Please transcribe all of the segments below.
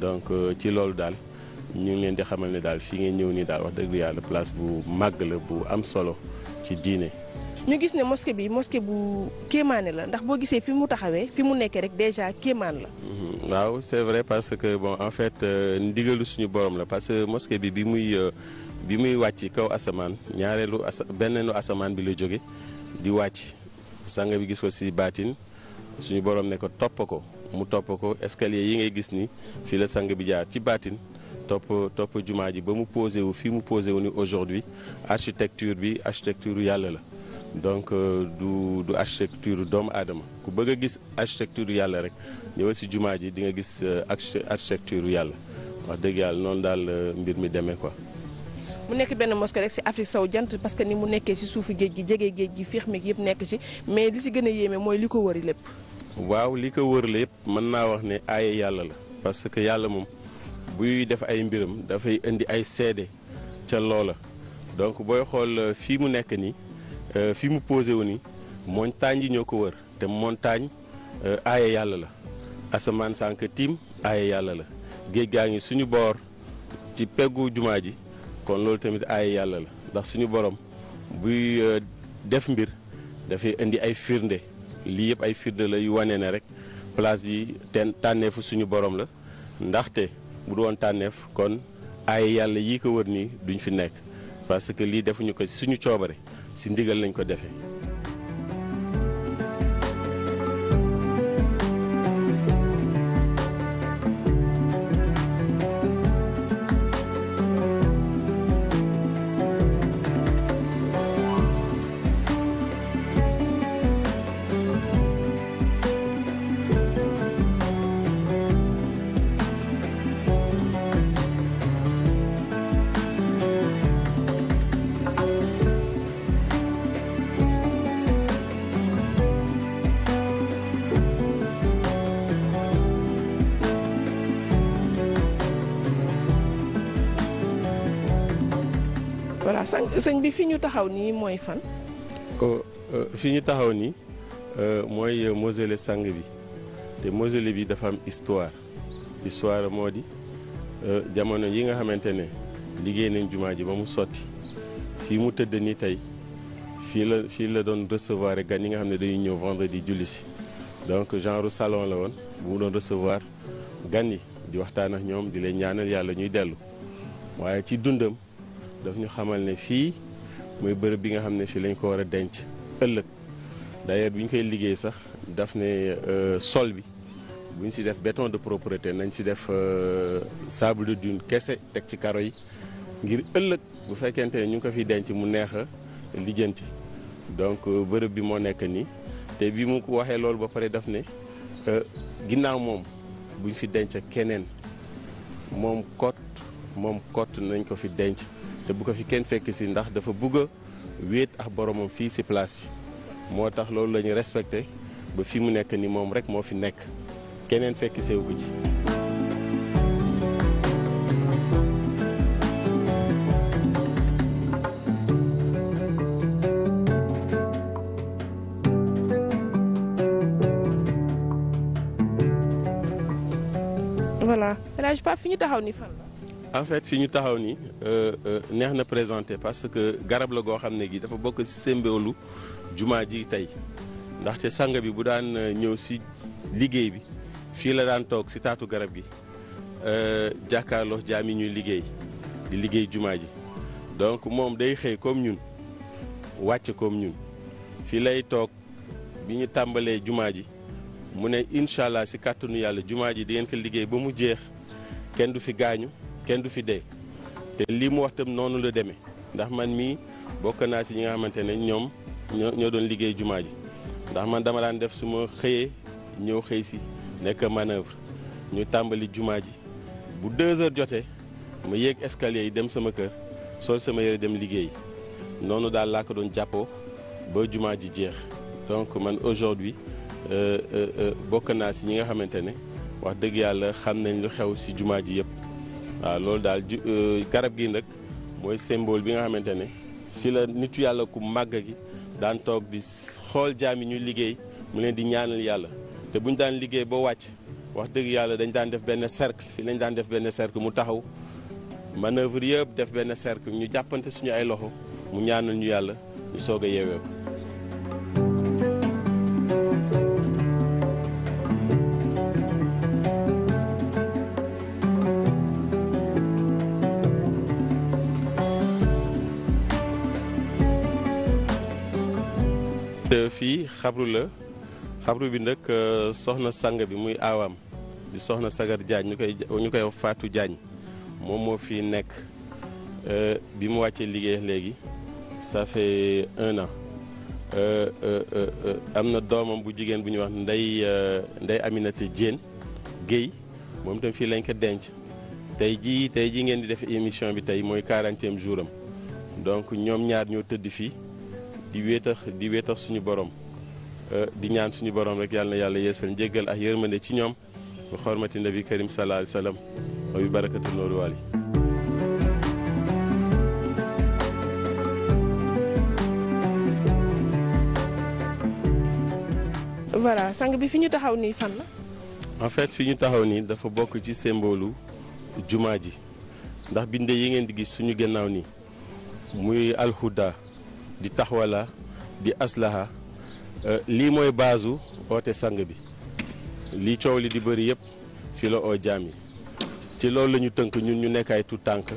donc euh, ci loolu daal ñu ngi leen di xamal ne daal fii ngeen ñëw nii daal wax dëgg yàlla place bu màgg la bu am solo ci diine. ñu gis ne mosquée bi mosquée bu kéemaane la ndax boo gisee fi mu taxawee fi mu nekkee rek déjà kéemaan la. Mhm. waaw c'est vrai parce que bon en fait euh, ndigalu suñu borom la parce que mosquée bi bi muy euh, bi muy wàcc kaw asamaan ñaareelu asa benneenu asamaan bi la jóge di wàcc sang bi gis ko ci baatin suñu borom ne ko topp ko. mu topp ko escalier yi ngay gis ni fii la sang bi jaar ci baatin topp topp jumaa ji ba mu posé wu fii mu posé wu ni aujourd'hui architecture bi architecture yàlla la donc euh, du du architecture doomu aadama ku bëgg a gis architecture yàlla rek ñëwal si jumaa ji di nga gis euh, architecture yàlla wax dëgg yàlla noonu daal euh, mbir mi demee quoi. mu nekk benn mosquée rek si Afrique saw jant parce que ni mu nekkee si suufu géej gi jege géej gi fiix mi yëpp nekk si mais li si gën a yéeme mooy li ko wëri lépp. waaw li ko wër lépp mën naa wax ne aaye yàlla la parce que yàlla moom buy def ay mbiram dafay indi ay seede ca loola donc booy xool euh, fii mu nekk nii euh, fi mu posé wu nii montagne yi ñoo ko wër te montagne euh, aaye yàlla la asamaan sànq tiim aaye yàlla la géej gaa ngi suñu boor ci peggu jumaa ji kon loolu tamit aaye yàlla la ndax suñu borom buy def mbir dafay indi ay firnde lii yëpp ay firnde la yu wane ne rek place bi ten tànneefu suñu boroom la ndaxte bu du woon tànneef kon ay yàlla yi ko wër nii duñ fi nekk parce que lii defuñu ko suñu coobare si ndigal lañ ko defee. sànq sëñ bi fi ñu taxaw nii mooy fan. Euh, fi ñu taxaw nii euh, mooy euh, mosele sang bi te mausolée bi dafa am histoire histoire moo di jamono yi nga xamante ne liggéey nañ jumaa ji ba mu sotti fii mu tëdd nii tey fii la fii la doon recevoir gan yi nga xam ne dañuy ñëw vendredi julli si donc genre salon la woon bu mu doon recevoir gan yi di waxtaan ak ñoom di lay ñaanal yàlla ñuy dellu waaye ci dundam. daf ñu xamal ne fii mooy bërëb bi nga xam ne fii lañ ko war a denc ëllëg d'ailleurs bi ñu koy liggéey sax daf ne euh, sol bi bu ñu si def béton de propreté nañ si def euh, sable de dune kese teg ci karo yi ngir ëllëg bu fekkente ne ñu ngi ko fiy denc mu neex a lijjanti donc euh, bërëb bi moo nekk nii te bi mu ko waxee loolu ba pare daf ne ginnaaw moom buñ fi denc keneen moom kot moom kot nañ ko fi denc te bu ko fi kenn fekk si ndax dafa bugg a wéet ak boromam fii si place bi moo tax loolu la ñu respecté ba fi mu nekk ni moom rek moo fi nekk keneen fekk seewu ko ci. en fait fi ñu taxaw ni euh, euh, neex na présenté parce que garab la goo xam ne gi dafa bokk ci sémboolu jumaa ji tey ndaxte sang bi bu daan euh, ñëw ci liggéey bi fii la daan toog ci taatu garab gi jàkkaarloo jaam yi ñuy liggéey di liggéey jumaa ji donc moom day xëy comme ñun wàcce comme ñun fii lay toog bi ñu tàmbalee jumaa ji mu ne incha allah ci kàttanu yàlla jumaa ji di ko liggéey ba mu jeex kenn du fi gaañu kenn du fi dee te lii mu wax tam noonu la demee ndax man mii bokk naa si ñi nga xamante ne ñoom ñoo doon liggéey jumaa ji ndax man dama daan def su ma xëyee ñëw xëy si nekk manœuvre ñu tàmbali jumaa ji bu deux heures jotee ma yéeg escalier yi dem sama kër sol sama yére dem liggéey noonu daal laa ko doon jàppoo ba jumaa ji jeex donc man aujourd'hui euh, euh, euh, bokk naa si ñi nga xamante ne wax dëgg yàlla xam nañ lu xew si jumaa ji yëpp waaw loolu daal ju euh, garab gi nag mooy symbole bi nga xamante ne fii la nitu yàlla ku màgg gi daan toog di xool jaam yi ñuy liggéey mu leen di ñaanal yàlla te bu ñu daan liggéey boo wàcc wax dëgg yàlla dañu daan def benn cercle fii lañ daan def benn serk mu taxaw manœuvre yëpp def benn cercle ñu jàppante suñu ay loxo mu ñaanal ñu yàlla ñu soog a yeewee ko xabru la xabru bi nag euh, soxna sang bi muy aawaam di soxna sagar jaañ ñu koy ñu koy faatu jaañ moom moo fi nekk euh, bi mu wàccee liggéey léegi ça fait un an euh, am na doomam bu jigéen bu ñuy wax ndey ndey Aminata Diène Guèye moom itam fii lañ ko denc tey jii tey jii ngeen di def émission bi tey mooy quarantième jouram donc ñoom ñaar ñoo tëdd fii di wéetax di wéetax suñu borom Eh, di ñaan suñu borom rek yàlla na yàlla yeesal njéggal ak yërmande ci ñoom bi xormati nabi karim sallallahu alayhi wa sallam wa bi bi fi ñu taxaw nii fan en fait fi ñu taxaw nii dafa bokk ci symbole jumaa ji ndax binde yi ngeen di gis suñu gannaaw nii muy alxuda di taxwala di aslaha Euh, lii mooy baasu oote sang bi lii coow li di bari yépp fi la oo jaam yi ci loolu lañu tënk ñun ñu nekk ay tout tànk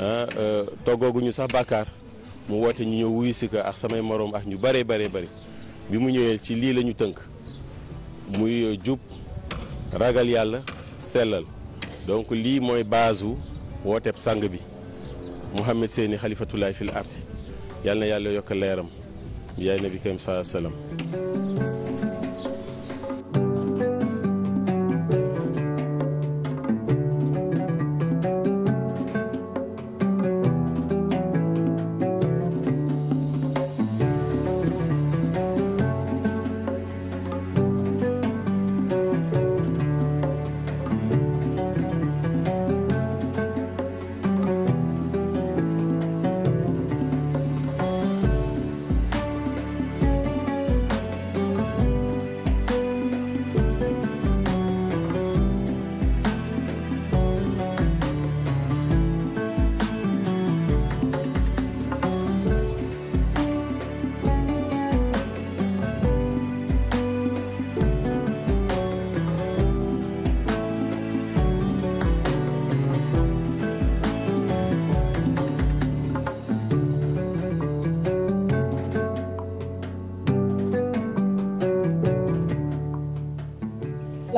ah, euh, toggooguñu sax bàkkaar mu woote ñu ñëw wuyu si ak samay moroom ak ñu bëree baree bëri bi mu ñëwee ci lii la ñu tënk muy jub ragal yàlla sellal donc lii mooy baasu wooteeb sang bi Mouhamed seeni xalifatulaay fil ardi yàlla yàlla yokk leeram bi yaay nabi karim sallallahu alayhi wa sallam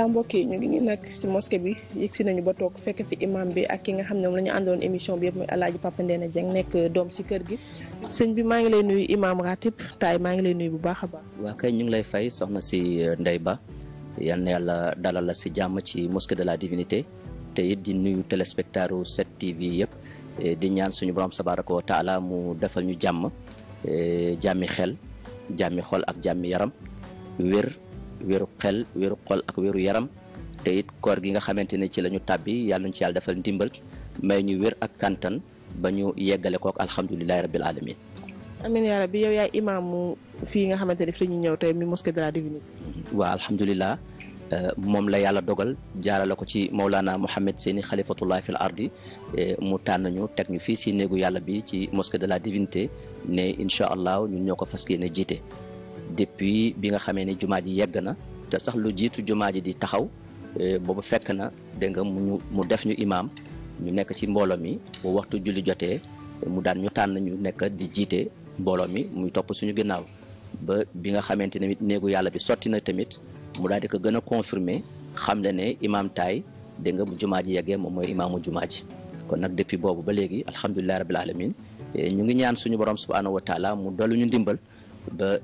voilà yi ñu ngi nag si mosquée bi yegsi nañu ba toog fekk fi imam bi ak ki nga xam ne moom la ñu àndoon émission bi yëpp muy alaaji Papa Ndéné nekk doom si kër gi sëñ bi maa ngi lay nuyu imam ratib taay maa ngi lay nuyu bu baax a baax. waaw kay ñu ngi lay fay soxna si euh, Ndeye Ba yal yàlla dalal la si jàmm ci mosquée de la divinité te it di nuyu téléspectateur 7TV yëpp di ñaan suñu borom sabaraka wa mu defal ñu jàmm jàmmi xel jàmmi xol ak jàmmi yaram wéeru xel wéeru xol ak wéeru yaram te it koor gi nga xamante ne ci la ñu tàbbi yàlla ñu ci yàlla defal ndimbal may ñu wér ak kantan ba ñu yeggale kook alhamdulilahi rabbil alamin amin yaa rabbi yow yaay imaamu fii nga xamante ne fi ñu ñëw tey mi mosquée de la divinité waaw alhamdulilah euh, moom la yàlla dogal jaarale ko ci Mawlana Mouhamed Seyni xalifatullah fil ardi e, mu tànn ñu teg ñu fii si néegu yàlla bi ci mosque de la divinité ne incha allah ñun ñoo ko fas yéene jiite depuis bi nga xamee ne jumaa ji yegg na te sax lu jiitu jumaa ji di taxaw euh, boobu fekk na dégg nga mu mu def ñu imaam ñu nekk ci mbooloo mi bu waxtu julli jotee mu daan ñu tànn ñu nekk di jiite mbooloo mi muy topp suñu ginnaaw ba bi nga xamante ne néegu yàlla bi sotti na tamit mu daal di ko gën a confirmer xam le ne imaam taay dégg nga bu jumaa ji yeggee moom mooy imaamu jumaa ji kon nag depuis boobu ba léegi alhamdulilahi rabbil alamin euh, ñu ngi ñaan suñu borom subhanahu wa taala mu dollu ñu ndimbal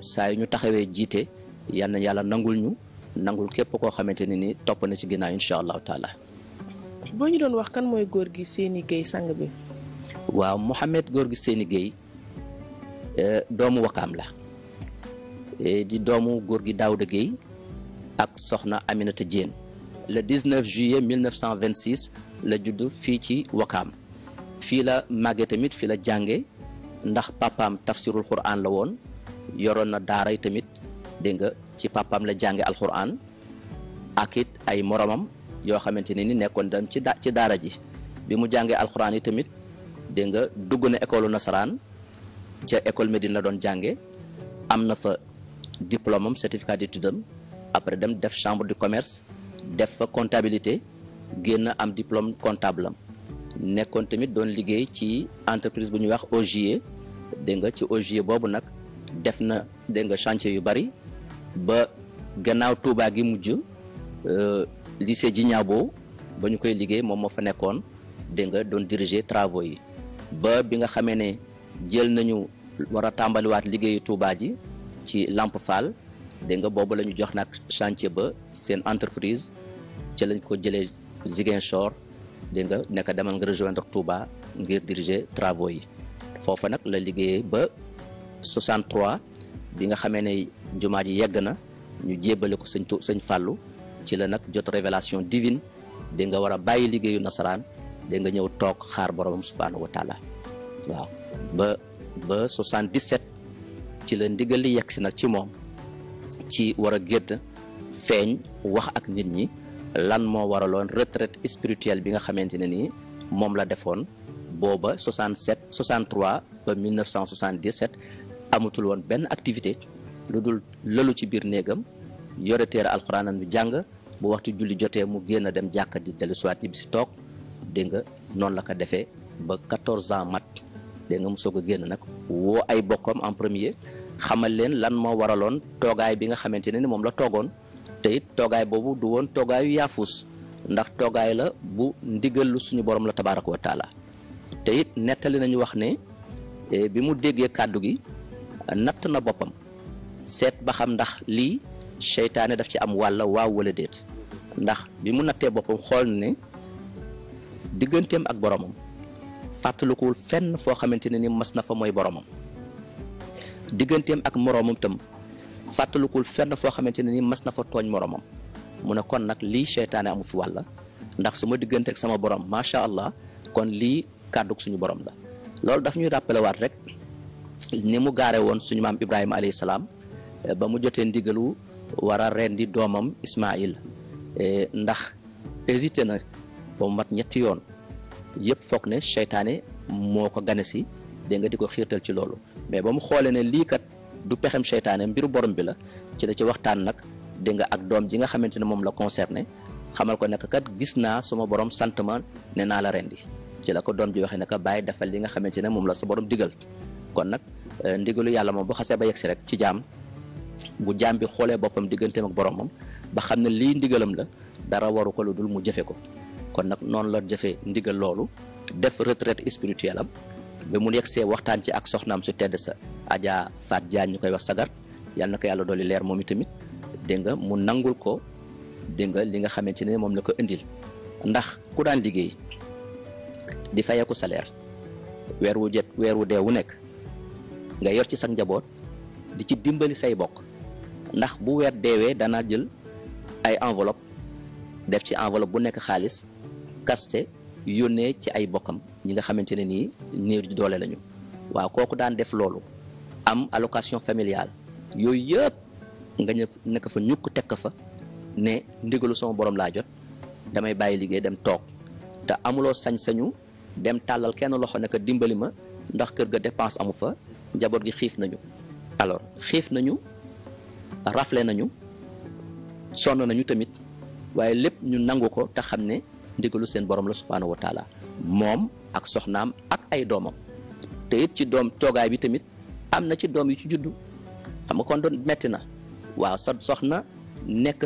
saa yu ñu taxawee jiite yal yàlla nangul ñu nangul képp koo xamante ne ni topp na ci ginnaaw incha allahu taala. boo ñu doon wax kan mooy góor gi seeni Gueye sang bi. waaw Mouhamed góor gi Seyni Gueye eh, doomu wakaam la eh, di doomu góor gi Daouda Gueye ak soxna Aminata Diène le 19 juillet 1926 la judd fii ci wakaam fii la màggee tamit fii la jànge ndax papaam tafsirul quran la woon. yoroon na daara yi tamit dégg nga ci papaam la jànge alxuraan ak it ay moromam yoo xamante ne ni nekkoon dam ci ci daara ji bi mu jàngee alxuraan yi tamit dégg nga dugg na école nasaraan ca école Médine la doon jànge am na fa diplôme am certificat d'étude am après dem def chambre de commerce def fa comptabilité génn am diplôme comptable nekkoon tamit doon liggéey ci entreprise bu ñuy wax OGIE dégg nga ci OGIE boobu nag def na dégg nga chantier yu bari ba gannaaw Touba gi mujj euh, lycée Djignabo ba ñu koy liggéey moom moo fa nekkoon dégg nga doon diriger travaux yi ba bi nga xamee ne jël nañu war a tàmbaliwaat liggéeyu Touba ji ci Lamp Fall dégg nga boobu la ñu jox nag chantier ba seen entreprise ci lañ ko jëlee Ziguinchor dégg nga nekk demal nga rejoindre Touba ngir diriger travaux yi foofa nag la liggéeyee ba. 63 bi nga xamee ne jumaa ji yegg na ñu jébbale ko sëñ sëñ fàllu ci la nag jot révélation divine di nga war bàyyi liggéeyu nasaraan di nga ñëw toog xaar boromam subhaanahu wa taala waaw ba ba 77 ci la ndigal li yegg si nag ci moom ci war a gédd feeñ wax ak nit ñi lan moo waraloon retraite spirituelle bi nga xamante ne nii moom la defoon booba 67 63 ba 1977 amatul woon benn activité lu dul lëlu ci biir néegam yore téere alxuraanam bi jàng bu waxtu julli jotee mu génn dem jàkka di soit yi bi si toog dégg nga noonu la ko defee ba 14 ans mat dégg mu soog a génn nag woo ay bokkam en premier xamal leen lan moo waraloon toogaay bi nga xamante ne ni moom la toogoon te it toogaay boobu du woon toogaayu yaafus ndax toogaay la bu ndigal lu suñu borom la tabaaraka wa taala te it nettali nañu wax ne eh, bi mu déggee kàddu gi natt na boppam seet ba xam ndax lii seytaane daf ci am wàlla waaw wala déet ndax bi mu nattee boppam xool ne digganteem ak boromam fàttalikuwul fenn foo xamante ne ni mas na fa mooy boromam digganteem ak moroomam tam fenn foo xamante ne ni mas na fa tooñ moroomam mu ne kon nag lii seytaane amu fi la ndax su ma diggante ak sama borom macha allah kon lii kàdduk suñu borom la loolu daf ñuy rappelé rek. ni mu gaare woon suñu maam Ibrahima alayhi salaam eh, ba mu jotee ndigalu wara a rendi doomam Ismail eh, ndax hésité na ba mu mat ñetti yoon yëpp foog ne seytaane moo ko gane si dégg di ko xiirtal ci loolu mais ba mu xoolee ne lii kat du pexem seytaane mbiru borom bi la ci la ci waxtaan nag dégg ak doom ji nga xamante ne moom la concerné xamal ko nekk kat gis naa suma borom sant ma ne naa la rendi ci la ko doom ji waxee ne ko bàyyi defal li nga xamante ne moom la sa borom digal kon Euh, ndigalu yàlla moom bu xasee ba yegsi rek ci jaam bu jaam bi xoolee boppam digganteem ak boromam ba xam ne lii ndigalam la dara waru ko lu dul mu jëfe ko kon nag noonu la jëfe ndigal loolu def retraite spirituelle am ba mu yegsee waxtaan ci ak soxnaam su tedd sa ajaa Fat Diagne ñu koy wax sagar yàlla na ko yàlla dolli leer moom itamit dégg nga mu nangul ko dégg nga li nga xamante ne moom la ko indil ndax ku daan liggéey di fayeeku salaire weer wu weer wu dee wu nekk nga yor ci sa njaboot di ci dimbali say bokk ndax bu weer deewee danaa jël ay enveloppe def ci enveloppe bu nekk xaalis kaste yónnee ci ay bokkam ñi nga xamante ne nii néew di doole lañu waaw kooku daan def loolu am allocation familiale yooyu yëpp nga ñëpp nekk fa ñukk tekk fa ne ndigalu sama borom laa jot damay bàyyi liggéey dem toog te amuloo sañ-sañu dem tàllal kenn loxo ne dimbali ma ndax kër ga dépense amu fa njaboot gi xiif nañu alors xiif nañu rafle nañu sonn nañu tamit waaye lépp ñu nangu ko te xam ne ndigalu seen borom la subhaanahu wa taala moom ak soxnaam ak ay doomam te it ci doom toogaay bi tamit am na ci doom yu ci juddu xam nga kon metti na waaw sa soxna nekk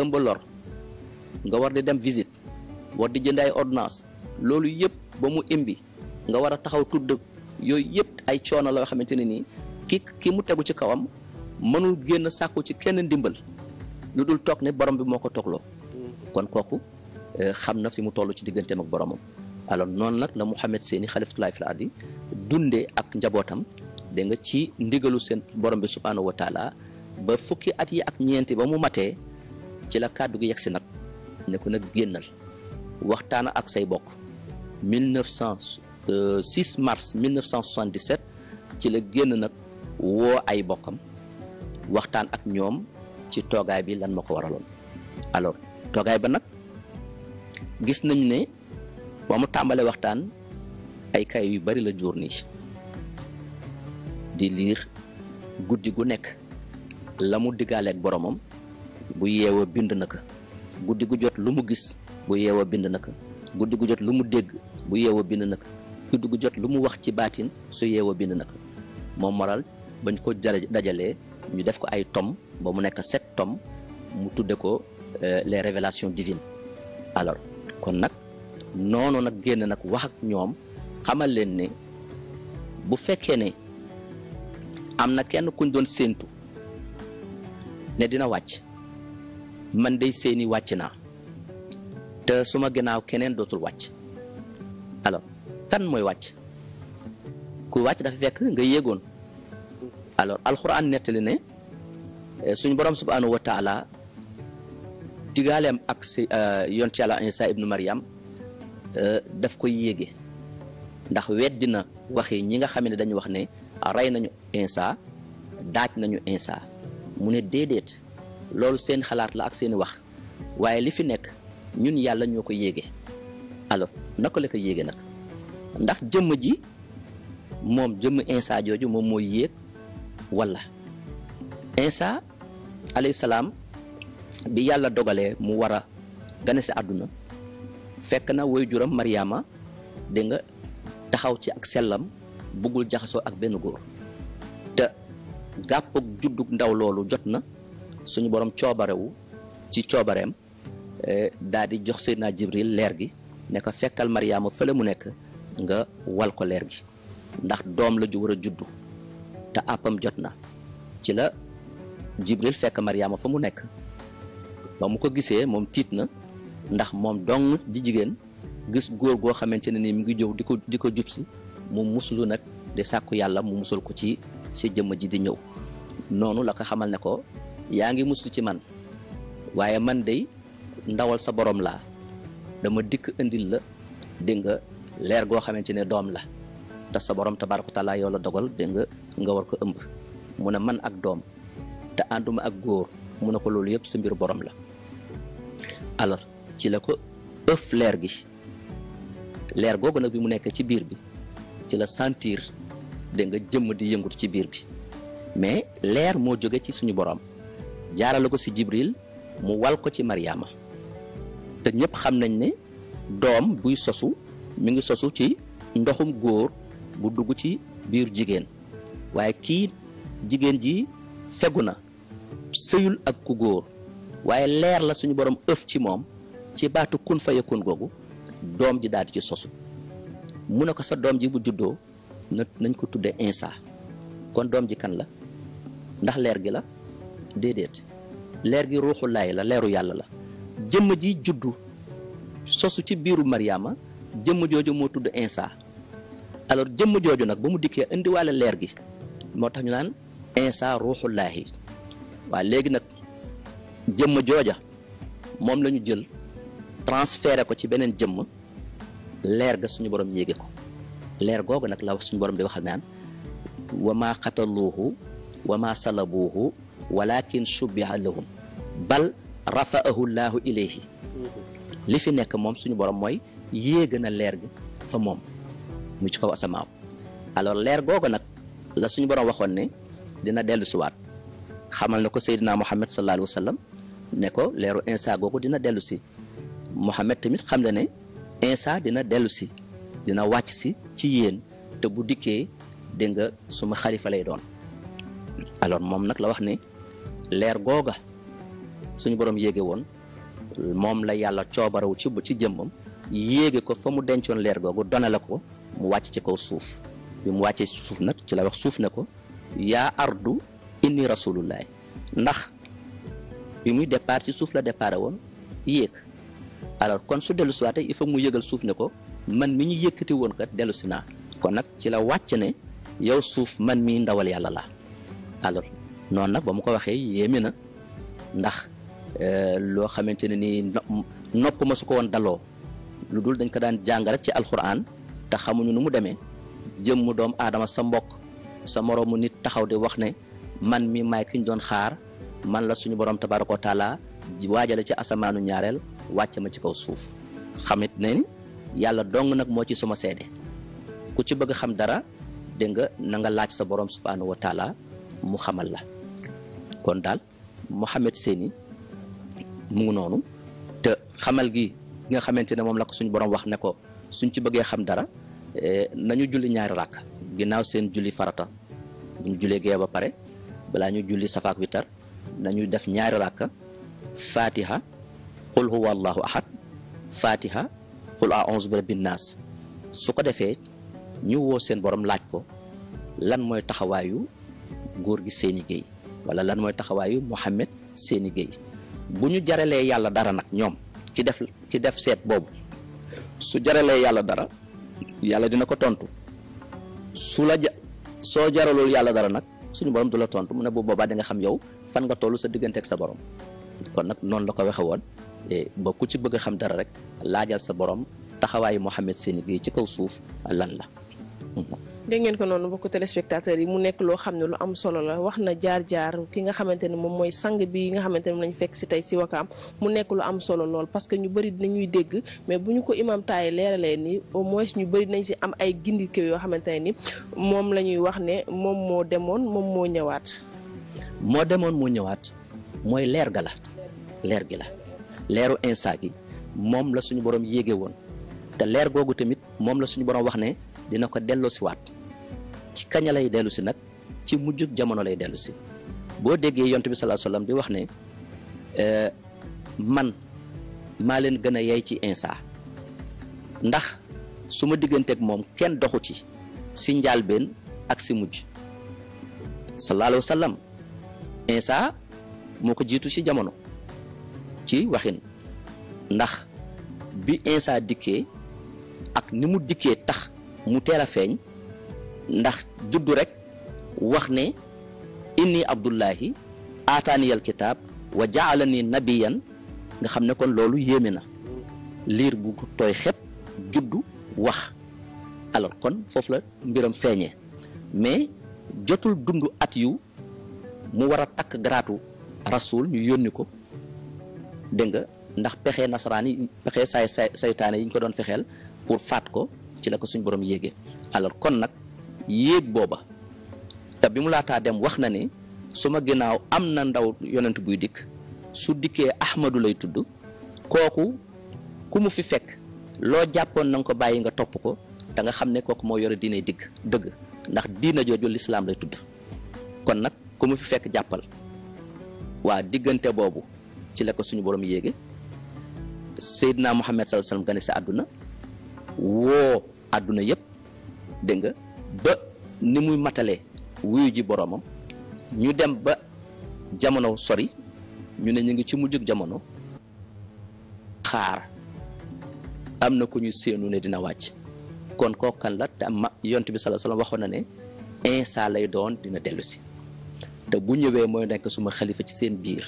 ëmb lor nga war di dem visit war di jënd ay ordonnance loolu yëpp ba mu imbi nga war a taxaw tudd yooyu yëpp ay coono la nga xamante ne nii ki ki mu tegu ci kawam mënul génn sàkku ci kenn ndimbal lu dul toog ne borom bi moo ko toogloo kon kooku euh, xam na fi mu toll ci digganteem ak boromam alors noonu nag la Mouhamed Seyni xalifatulaay fil ardi dundee ak njabootam da nga ci ndigalu seen borom bi subhaanahu wa taala ba fukki at yi ak ñeenti ba mu matee ci la kàddu gi yegsi nag ne ko nag génnal waxtaana ak say bokk 6 euh, mars 1977 ci la génn nag woo ay bokkam waxtaan ak ñoom ci toogaay bi lan ma ko waraloon alors toogaay ba nag gis nañu ne ba mu tàmbalee waxtaan ay kay yu bari la jur di liir guddi gu nekk la mu diggaaleeg boromam bu yeewoo bind na ko guddi gu jot lu mu gis bu yeewa bind na ko guddi gu jot lu mu dégg bu yeewoo bind na ki dugg jot lu mu wax ci baatin su yeewoo bind na ko moom moral bañ ko dajalee ñu def ko ay tom ba mu nekk sept tom mu tuddee ko euh, les révélations divines alors kon nag noonu nag génn nag wax ak ñoom xamal leen ne bu fekkee ne am na kenn kuñ doon séentu ne dina wàcc man dey seeni wàcc naa te suma gannaaw keneen dootul wàcc kan mooy wàcc ku wàcc dafa fekk nga yéegoon alors alxuraan nettali ne eh, suñu borom subhaanahu wa taala ak si eh, yonent yàlla Isa ibnu Maryam eh, daf ko yéege ndax weddi dina waxee ñi nga xam ne dañu wax ne rey nañu Isa daaj nañu Isa mu ne déedéet loolu seen xalaat la ak seeni wax waaye li fi nekk ñun yàlla ñoo ko yéege alors naka la ko yéege nag ndax jëmm ji moom jëmm Insa jooju moom mooy yéeg walla Insa alayhi salaam bi yàlla dogalee mu war a gane si àdduna fekk na waajuram Mariama dégg nga taxaw ci ak sellam buggul jaxasoo ak benn góor te gàppug juddug ndaw loolu jot na suñu borom coobarewu ci coobareem eh, daal di jox Seydina Jibril leer gi ne ko fekkal Mariama fële mu nekk. nga wal ko leer gi ndax doom la ju war a juddu te àppam jot na ci la jibril fekk mariama fa mu nekk ba mu ko gisee moom tiit na ndax moom dong di jigéen gis góor goo xamante ne ni mu ngi jëw di ko di ko jub si mu muslu nag di sàkku yàlla mu musal ko ci si jëmm ji di ñëw noonu la ko xamal ne ko yaa ngi muslu ci man waaye man dey ndawal sa boroom laa dama dikk indil la di leer goo xamante ne doom la te sa borom tabaaraka taala yow la dogal dégg nga nga war ko ëmb mu ne man ak doom te ànduma ak góor mu ne ko loolu yëpp sa mbir la alors ci la ko leer gi leer googu nag bi mu nekk ci biir bi ci la sentir dégg nga jëmm di yëngut ci biir bi mais leer moo jóge ci suñu borom jaarale ko si jibriil mu wal ko ci Mariama te ñëpp xam nañ ne doom buy sosu mi ngi sosu ci ndoxum góor bu dugg ci biir jigéen waaye kii jigéen ji fegu na sëyul ak ku góor waaye leer la suñu borom ëf ci moom ci baatu kun fa yakun googu doom ji daal di ci sosu mu ne ko sa doom ji bu juddoo na nañ ko tuddee insa kon doom ji kan la ndax leer gi la déedéet leer gi ruuxu laay la leeru yàlla la jëmm ji juddu sosu ci biiru Mariama jëmm jooju moo tudd Insa alors jëmm jooju nag ba mu dikkee indiwaale leer gi moo tax ñu naan Insa ruuxullaahi waa léegi nag jëmm jooja moom lañu jël transféré ko ci beneen jëmm leer ga suñu borom yéege ko leer googu nag la suñu borom di waxal naan wa maa xataluuhu wa maa salabuuhu walakin subbiha lahum bal rafa'ahu llaahu ilayhi mm-hmm. li fi nekk moom suñu borom mooy yee gën a leer gi fa moom mu ci kaw asamaaw alors leer googu nag la suñu borom waxoon ne dina dellu siwaat xamal na ko Seydina Muhammad sallallahu alayhi ne ko leeru insa googu dina dellu si Muhammad tamit xam na ne insa dina dellu si dina wàcc si ci yéen te bu dikkee dégg nga suma xarifa lay doon alors moom nag la wax ni leer googa suñu boroom yéege woon moom la yàlla coobarawu ci ci jëmmam yéege ko fa mu dencoon leer googu dona la ko mu wàcc ci kaw suuf bi mu wàccee ci suuf nag ci la wax suuf ne ko yaa ardu inni rasulullahi ndax bi muy départ ci suuf la départ woon yéeg alors kon su dellu si il faut mu yëgal suuf ne ko man mi ñu yëkkati woon kat dellusi naa kon nag ci la wàcc ne yow suuf man mii ndawal yàlla la alors noonu nag ba mu ko waxee yéeme na ndax euh, loo xamante ne nii nopp ma su ko woon daloo lu dul dañ ko daan jàng ci alxuraan te xamuñu nu mu demee jëmm doom aadama sa mbokk sa moroomu nit taxaw di wax ne man mii may ki ñu doon xaar man la suñu borom tabaaraka wa taala waajale ci asamaanu ñaareel wàcc ma ci kaw suuf xamit ne yàlla dong nag moo ci suma seede ku ci bëgg xam dara dégg nga na laaj sa borom subhaanahu wa mu xamal la kon daal Mouhamed Seyni mu noonu xamal gi nga xamante ne moom la ko suñ borom wax ne ko suñ ci bëggee xam dara eh, nañu julli ñaari rakk ginnaaw seen julli farata buñu julee jullee ba pare balaa ñu julli safaak witar nañu def ñaari rakk fatiha qul huwa allahu ahad fatiha qul a'uuzu bi rabbin naas su ko defee ñu woo seen borom laaj ko lan mooy taxawaayu góor gi Seyni Gueye wala lan mooy taxawaayu Mouhamed Seyni Gueye bu ñu jaralee yàlla dara nag ñoom ci def ci def seet boobu su jaree jaralee yàlla dara yàlla dina ko tontu su la ja soo yàlla dara nag suñu borom du la tontu mu ne bu boobaa di nga xam yow fan nga toll sa diggante ak sa borom kon nag noonu la ko waxe woon e, ba ku ci bëgg a xam dara rek laajal sa borom taxawaayu Mouhamed seen Gueye ci kaw suuf lan la. dégg ngeen ko noonu mbokku téléspectateurs yi mu nekk loo xam ne lu am solo la wax na jaar-jaar ki nga xamante ne moom mooy sang bi nga xamante ne moom lañ fekk si tey si wakaam mu nekk lu am solo lool parce que ñu bëri dinañuy dégg mais bu ñu ko imam taaye leeralee ni au moins ñu bëri dinañ si am ay gindike yoo xamante ne ni moom la ñuy wax ne moom moo demoon moom moo ñëwaat moo demoon moo ñëwaat mooy leer ga la leer gi la leeru insa gi moom la suñu borom yéege woon te leer googu tamit moom la suñu borom wax ne dina ko delloosiwaat ci kañ lay dellusi nag ci mujjug jamono lay dellusi boo déggee yontu bi salaa salaam di wax ne euh, man maa leen gën a yey ci insa ndax su ma digganteeg moom kenn doxu ci si njaalbeen ak si mujj sallallahu alayhi wa insa moo ko jiitu ci jamono ci waxin ndax bi insa dikkee ak ni mu dikkee tax mu teel a feeñ ndax juddu rek wax ne inni abdullahi aataaniyal kitaab wa jaalani nabiyan nga xam ne kon loolu yéeme na liir bu tooy xepp juddu wax alors kon foofu la mbiram feeñee mais jotul dund at yu mu war a takk garaatu rasul ñu yónni ko dégg nga ndax pexe nasaraan yi pexe say say saytaane yi ñu ko doon fexeel pour faat ko ci la ko suñ borom yéegee alors kon nag yéeg booba te bi mu laataa dem wax na ni suma ginnaaw am na ndaw yonent buy dikk su dikkee ahmadu lay tudd kooku ku mu fi fekk loo jàppoon na ko bàyyi nga topp ko da nga xam ne kooku moo yore diine digg dëgg ndax diina jooju lislaam lay tudd kon nag ku mu fi fekk jàppal waa diggante boobu ci la ko suñu borom yéege Seydina Muhammad sallallahu alayhi wasallam gane si àdduna woo àdduna yëpp dégg nga ba ni muy matalee wuyu ji boromam ñu dem ba jamono sori ñu ne ñu ngi ci mujjug jamono xaar am na ku ñu séenu ne dina wàcc kon kooku kan la te ma yont bi sallallahu waxoon na ne insa lay doon dina dellusi te bu ñëwee mooy nekk suma xalifa ci seen biir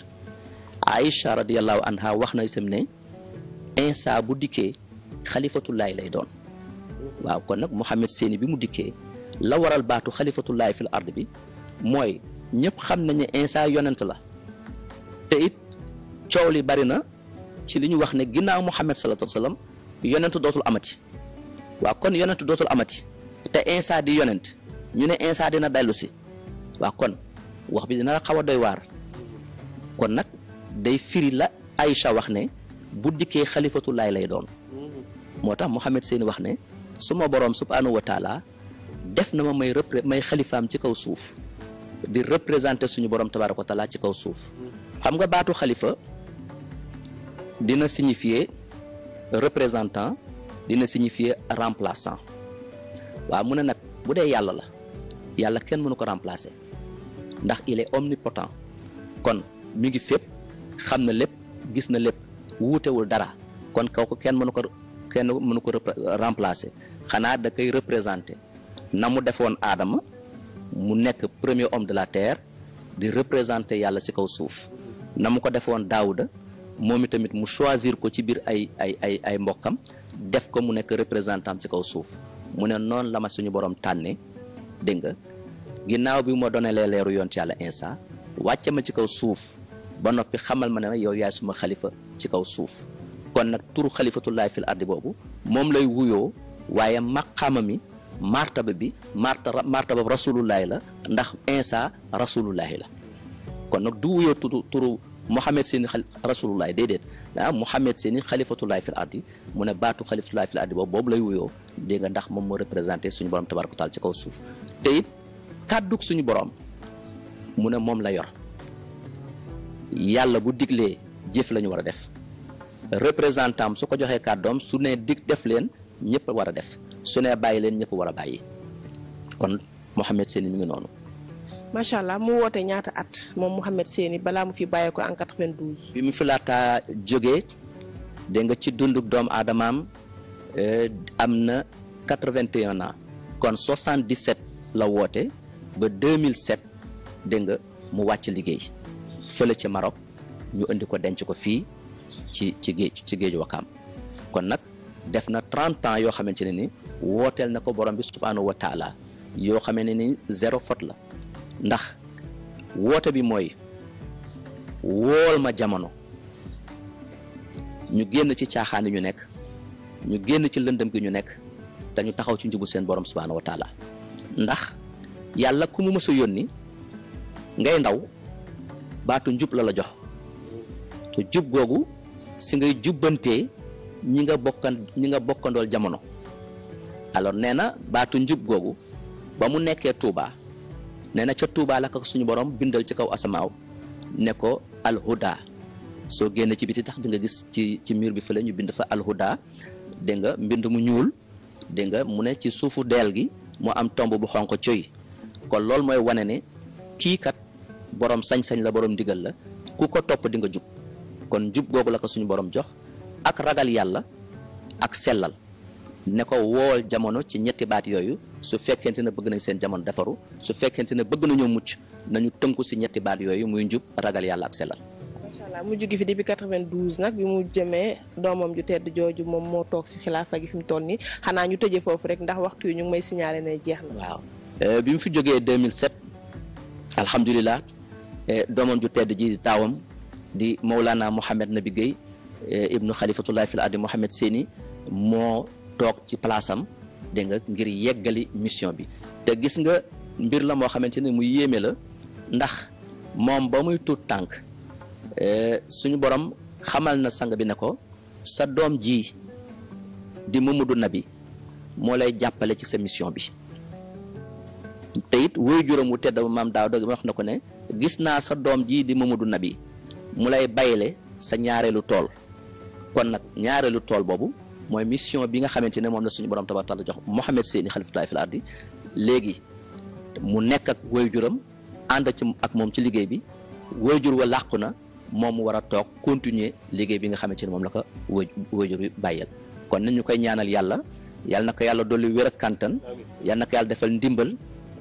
Aïcha radiyallahu anha wax na itam ne insa bu dikkee xalifatullaay lay doon waaw kon nag Mouhamed Séni bi mu dikkee la waral baatu xalifatullahi fil ard bi mooy ñëpp xam nañ ne Insa yonent la te it coow li bari na ci li ñu wax ne ginnaaw Mouhamed sallallahu alayhi wa yonent dootul amati waaw kon yonent dootul amati te Insa di yonent ñu ne Insa dina dellu si waaw kon wax bi dina la xaw a doy waar kon nag day firi la Aïcha wax ne bu dikkee xalifatullaay lay doon mm-hmm. moo tax Mouhamed Séni wax ne su ma boroom subhaanahu wa taala def na ma may repré may xalifaam ci kaw suuf di représenter suñu boroom tabaaraka wa taala ci kaw suuf xam nga baatu xalifa dina signifier représentant dina signifier remplaçant waaw mu ne nag bu dee yàlla la yàlla kenn mënu ko remplacer ndax il est omnipotent kon mu ngi fépp xam na lépp gis na lépp wuutewul dara kon kaw ko kenn mënu ko kenn mënu ko remplacer xanaa da koy représenté na mu defoon aadama mu nekk premier homme de la terre di représenté yàlla ci kaw suuf na mu ko defoon daawuda moom itamit mu choisir ko ci biir ay ay ay ay mbokkam def ko mu nekk représentant ci kaw suuf mu ne noonu la ma suñu borom tànnee dégg nga ginnaaw bi ma donalee leeru yoon ci yàlla Insa wàcce ma ci kaw suuf ba noppi xamal ma ne ma yow yaay suma xalifa ci kaw suuf kon nag turu xalifatullaahi fi ardi boobu moom lay wuyoo waaye maqaama mi martaba bi marta martaba rasulullahi la ndax insa rasulullahi la kon nag du wuyoo turu turu Mouhamed seeni xali rasulullahi déedéet ah Mouhamed seeni xalifatullahi fil ardi mu ne baatu xalifatullahi fil ardi boobu boobu lay wuyoo dégg ndax moom moo représenté suñu borom tabaraka taala ci kaw suuf te it kàddug suñu borom mu ne moom la yor yàlla bu diglee jëf lañu ñu war a def représentant su ko joxee kàddoom su ne dig def leen. ñëpp war a def su ne bàyyi leen ñëpp war a bàyyi kon Mouhamed Seyni mi ngi noonu. macha allah mu woote ñaata at moom Mouhamed Seyni balaa mu fi bàyyee ko en 92. bi mu fi laataa jógee dégg nga ci dunduk doomu aadamaam eh, am na 81 ans kon 77 la woote ba 2007 dégg nga mu wàcc liggéey fële ca Maroc ñu indi ko denc ko fii ci ci géej ci géeju Wakaam kon nag. def na 30 ans yoo xamante ne ni wooteel na ko borom bi subhaanahu wa taala yoo xam ne ni zéro faute la ndax woote bi mooy wool ma jamono ñu génn ci caaxaan yi ñu nekk ñu génn ci lëndëm gi ñu nekk te ñu taxaw ci njubu seen borom subhaanahu wa ndax yàlla ku mu mës a yónni ngay ndaw baatu njub la la jox te jub googu si ngay jubbantee ñi nga bokkan ñi nga bokkandool jamono alors nee na baatu njub googu ba mu nekkee Touba nee na ca Touba la ko suñu borom bindal ci kaw asamaaw ne ko alhuda soo génnee ci biti tax dinga gis ci ci mur bi fële ñu bind fa alhuda dégg nga mbind mu ñuul dégg nga mu ne ci suufu deel gi mu am tomb bu xonq coy kon loolu mooy wane ne kiikat kat borom sañ-sañ la borom ndigal la ku ko topp di nga jub kon njub googu la ko suñu borom jox. ak ragal yàlla ak sellal ne ko woowal jamono ci ñetti baat yooyu su fekkente ne bëgg nañ seen jamono defaru su fekkente ne bëgg nañoo mucc nañu tënku si ñetti baat yooyu muy njub ragal yàlla ak sellal. macha mu jóge fi depuis 92 nag bi mu jëmee doomam ju tedd jooju moom moo toog si xilaafa gi fi mu toll nii xanaa ñu tëjee foofu rek ndax waxtu yi ñu ngi may signalé ne jeex na. waaw eh, bi mu fi jógee 2007 alhamdulilah eh, doomam ju tedd ji di taawam di Mawlana Mouhamed Nabi Eh, ibnu xalifatullahi fil ardi Mohamed Seni moo toog ci palaasam dégg nga ngir yeggali mission bi te gis nga mbir la moo xamante ni mu yéeme la ndax moom ba muy tuut tànk eh, suñu borom xamal na sang bi ne ko sa doom ji di Mamadou Nabi moo lay jàppale ci sa mission bi te it woy juróom wu tedd maam daaw dog wax na ko ne gis naa sa doom ji di Mamadou Nabi mu lay bayle sa ñaareelu tool kon nag ñaareelu tool boobu mooy mission bi nga xamante ne moom la suñu borom tabaaraka la jox Mouhamed Seyni xalifatullaahi fil ardi léegi mu nekk ak waajuram ànd ci ak moom ci liggéey bi waajur wa làqu na moom war a toog continuer liggéey bi nga xamante ne moom la ko waajur bi bàyyeel kon ñu koy ñaanal yàlla yàlla na ko yàlla dolli wér ak kantan yàlla na ko yàlla defal ndimbal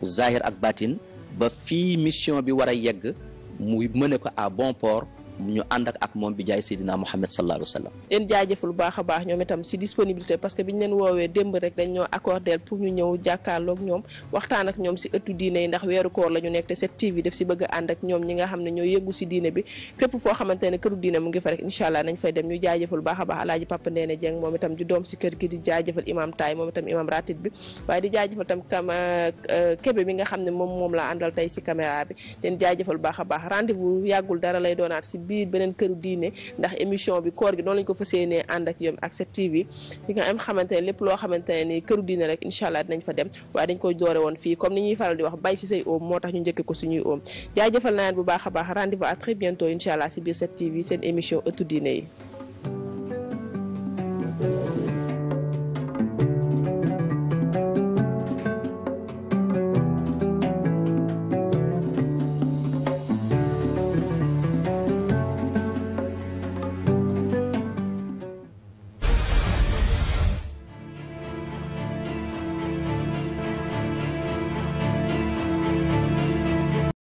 zahir ak batin ba fii mission bi war a yegg mu mëne ko à bon port ñu ànd ak moom bi jaay Seydina Muhammad sallallahu alayhi wa sallam leen lu baax a baax ñoom itam si disponibilité parce que biñ leen woowee démb rek dañ ñoo accordé pour ñu ñëw jàkkaarloog ñoom ak ñoom si ëttu diine yi ndax weeru koor la ñu nekk te 7 si bëgg a ànd ak ñoom ne ñoo yëggu si diine bi fépp foo xamante ne këru diine mu ngi fa rek incha allah nañ fay dem ñu jaajëful baax a baax alaaji Papa Ndéné Dieng moom itam si kër gi di jaajëfal imam taay moom itam imam ratib bi waaye di jaajëfal tam kam euh, euh, kebe bi nga xam ne moom moom laa àndal tey si caméra bi leen jaajëfal baax a baax rendez-vous yàggul dara lay doonaat biir beneen këru diine ndax émission bi koor gi noonu lañ ko fas yéenee ànd ak yom ak 7TV yi nga am xamante ne lépp loo xamante ne ni këru diine rek incha allah dinañ fa dem waaye dañ koy doore woon fii comme ni ñuy faral di wax bay si say oom moo tax ñu njëkke ko suñuy oom jaajëfal naa leen bu baax a baax rendez-vous à très bientôt si biir 7TV seen émission ëttu diine yi